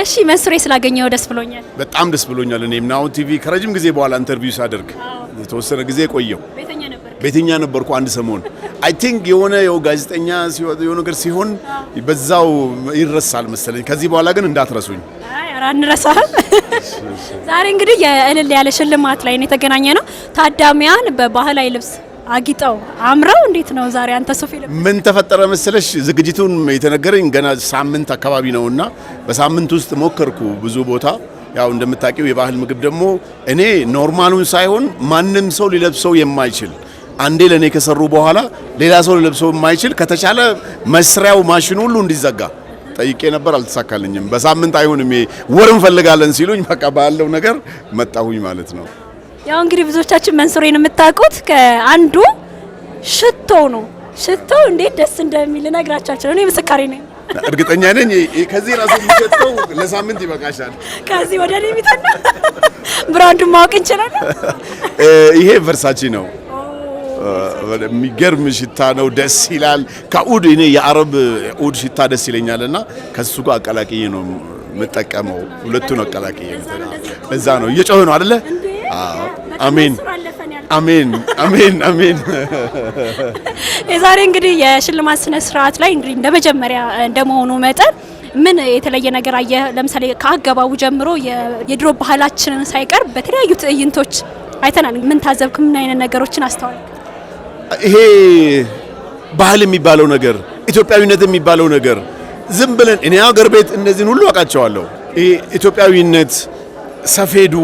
እሺ መስሬ ስላገኘው ደስ ብሎኛል። በጣም ደስ ብሎኛል። እኔም ናሁን ቲቪ ከረጅም ጊዜ በኋላ ኢንተርቪው ሳደርግ የተወሰነ ጊዜ ቆየው ቤተኛ ነበርኩ አንድ ሰሞን። አይ ቲንክ የሆነ ያው ጋዜጠኛ የሆነ ነገር ሲሆን በዛው ይረሳል መሰለኝ። ከዚህ በኋላ ግን እንዳትረሱኝ። አንረሳህም። ዛሬ እንግዲህ የእልል ያለ ሽልማት ላይ ነው የተገናኘ ነው። ታዳሚያን በባህላዊ ልብስ አጊጠው አምረው እንዴት ነው ዛሬ አንተ ሱፍ ምን ተፈጠረ መሰለሽ፣ ዝግጅቱን የተነገረኝ ገና ሳምንት አካባቢ ነውና በሳምንት ውስጥ ሞከርኩ ብዙ ቦታ ያው እንደምታውቂው የባህል ምግብ ደግሞ እኔ ኖርማሉን ሳይሆን ማንም ሰው ሊለብሰው የማይችል አንዴ ለእኔ ከሰሩ በኋላ ሌላ ሰው ሊለብሰው የማይችል ከተቻለ መስሪያው ማሽኑ ሁሉ እንዲዘጋ ጠይቄ ነበር። አልተሳካልኝም። በሳምንት አይሆንም ወር እንፈልጋለን ሲሉኝ በቃ ባለው ነገር መጣሁኝ ማለት ነው። ያው እንግዲህ ብዙዎቻችን መንሱሬን የምታውቁት ከአንዱ ሽቶ ነው። ሽቶ እንዴት ደስ እንደሚል ነግራቻችሁ እኔ ምስካሪ ነኝ። እርግጠኛ ነኝ ከዚህ ራሱ የሚሸጠው ለሳምንት ይበቃሻል። ከዚህ ወደ እኔ የሚተና ብራንዱን ማወቅ እንችላለን። ይሄ ቨርሳቺ ነው። የሚገርም ሽታ ነው። ደስ ይላል። ከኡድ እኔ የአረብ ኡድ ሽታ ደስ ይለኛል እና ከሱ ጋር አቀላቅዬ ነው የምጠቀመው። ሁለቱን አቀላቅዬ ነው። እዛ ነው እየጮህ ነው አይደለ አሜን አሜን አሜን አሜን። የዛሬ እንግዲህ የሽልማት ስነ ስርዓት ላይ እንግዲህ እንደመጀመሪያ እንደመሆኑ መጠን ምን የተለየ ነገር አየ? ለምሳሌ ከአገባቡ ጀምሮ የድሮ ባህላችንን ሳይቀር በተለያዩ ትዕይንቶች አይተናል። ምን ታዘብክ? ምን አይነት ነገሮችን አስተዋል? ይሄ ባህል የሚባለው ነገር ኢትዮጵያዊነት የሚባለው ነገር ዝም ብለን እኔ ሀገር ቤት እነዚህን ሁሉ አውቃቸዋለሁ። ይሄ ኢትዮጵያዊነት ሰፌዱ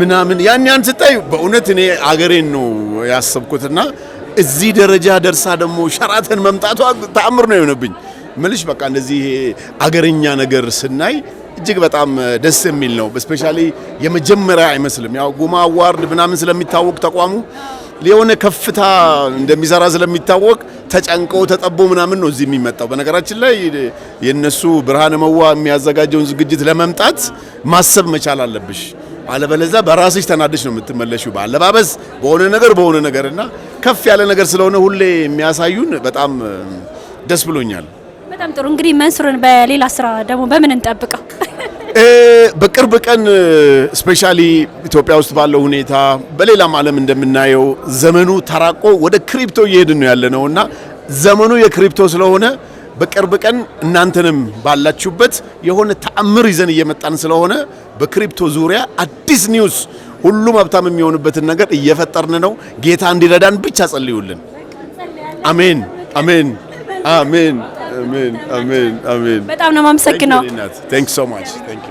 ምናምን ያን ያን ስታይ በእውነት እኔ አገሬን ነው ያሰብኩትና እዚህ ደረጃ ደርሳ ደግሞ ሸራተን መምጣቷ ተአምር ነው የሆነብኝ። ምልሽ በቃ እንደዚህ አገርኛ ነገር ስናይ እጅግ በጣም ደስ የሚል ነው። ስፔሻሊ የመጀመሪያ አይመስልም። ያው ጉማ አዋርድ ምናምን ስለሚታወቅ ተቋሙ የሆነ ከፍታ እንደሚሰራ ስለሚታወቅ ተጨንቆ ተጠቦ ምናምን ነው እዚህ የሚመጣው። በነገራችን ላይ የነሱ ብርሃነ መዋ የሚያዘጋጀውን ዝግጅት ለመምጣት ማሰብ መቻል አለብሽ። አለበለዚያ በራስሽ ተናደሽ ነው የምትመለሽ። በአለባበስ በሆነ ነገር በሆነ ነገር እና ከፍ ያለ ነገር ስለሆነ ሁሌ የሚያሳዩን በጣም ደስ ብሎኛል። በጣም ጥሩ። እንግዲህ መንሱርን በሌላ ስራ ደግሞ በምን እንጠብቀው? በቅርብ ቀን ስፔሻሊ ኢትዮጵያ ውስጥ ባለው ሁኔታ በሌላም ዓለም እንደምናየው ዘመኑ ተራቆ ወደ ክሪፕቶ እየሄድን ነው ያለ ነው እና ዘመኑ የክሪፕቶ ስለሆነ በቅርብ ቀን እናንተንም ባላችሁበት የሆነ ተአምር ይዘን እየመጣን ስለሆነ በክሪፕቶ ዙሪያ አዲስ ኒውስ፣ ሁሉም ሀብታም የሚሆንበትን ነገር እየፈጠርን ነው። ጌታ እንዲረዳን ብቻ ጸልዩልን። አሜን፣ አሜን፣ አሜን። በጣም ነው የማመሰግነው።